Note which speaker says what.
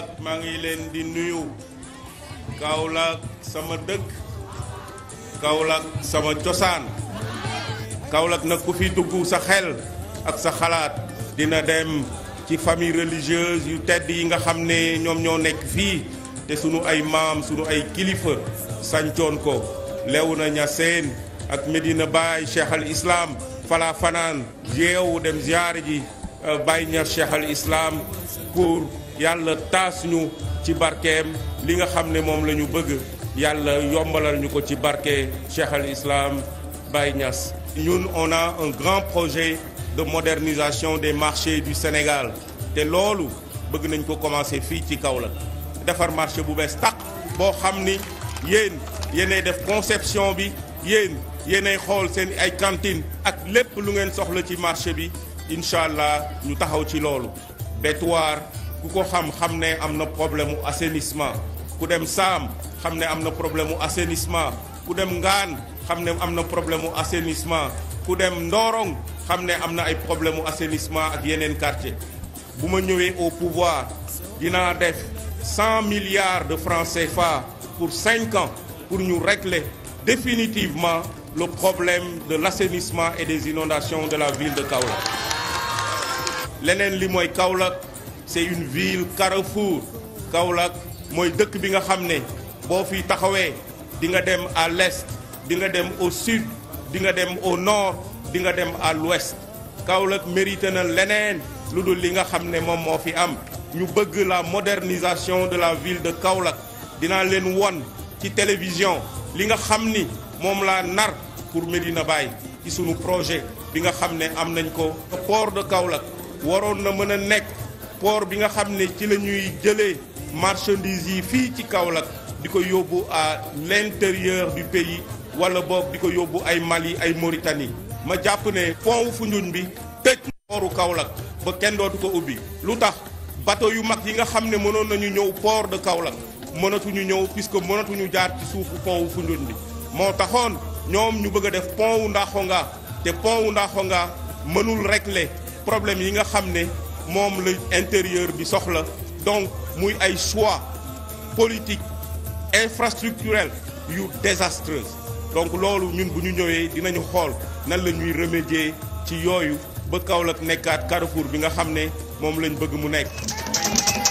Speaker 1: Kaolack maa ngi leen di nuyu Kaolack sama dëkk Kaolack sama cosaan Kaolack nag ku fi dugg sa xel ak sa xalaat dina dem ci famille religieuse yu tedd yi nga xam ne ñoom ñoo nekk fii te sunu ay maam sunu ay kilifa sancoon ko Léona Niassène ak Medina Baye Cheikh Islam fala fanaan yeewu dem jaar ji euh, Baye Niass Cheikh al Islam pour yàlla taas ñu ci barkeem li nga xam ne moom la ñu bëgg yàlla yombalal ñu ko ci barke Cheikh al Islam Baye Niass. ñun on a un grand projet de modernisation des marchés du Sénégal te loolu bëgg nañ ko commencer fii ci la defar marché bu bees tàq boo xam ni yéen yéenay def conception bi yéen yéenay xool seen ay cantine ak lépp lu ngeen soxla ci marché bi incha allah ñu taxaw ci loolu bétoir ku ko xam xam ne am na problème mu assainissement ku dem saam xam ne am na problème mu assainissement ku dem ngaan xam ne am na problème mu assainissement ku dem Ndorong xam ne am na ay problème mu assainissement ak yeneen quartier bu ma ñëwee o pouvoir dinaa def cent milliards de francs CFA pour cinq ans pour ñu régler définitivement le problème de l'assainissement et des inondations de la ville de Kaolack leneen li mooy Kaolack c'est une ville carrefour Kaolack mooy dëkk bi nga xam ne boo fi taxawee di nga dem à l'est di dem au sud di dem au nord di nga dem à l'ouest Kaolack mérité na leneen lu dul li nga xam ne moom moo fi am ñu bëgg la modernisation de la ville de Kaolack dinaa leen won ci télévision li nga xam ni moom la nar pour Médina Baye ci sunu projet bi nga xam ne am nañ ko port de Kaolack waroon na mën a nekk poor bi nga xam ne ci la ñuy jëlee marchandises yi fii ci Kaolack di ko yóbbu a l'intérieur du pays wala boog di ko yóbbu ay Mali ay Mauritanie ma jàpp ne pont wu Foundiougne bi tëj portu Kaolack ba kenn dootu ko ubbi lu tax bateau yu mag yi nga xam ne mënoon nañu ñëw port de Kaolack mënatuñu ñëw puisque mënatuñu jaar ci suufu pont wu Foundiougne bi moo taxoon ñoom ñu bëgg a def pont wu ndaxo nga te pont wu nga mënul régler problème yi nga xam ne moom la intérieur bi soxla donc muy ay choix politique infrastructurel yu désastreuse donc loolu ñun bu ñu ñëwee dinañu xool nan la ñuy remédier ci yooyu ba Kaolack nekkaat carrefour bi nga xam ne moom lañ bëgg mu nekk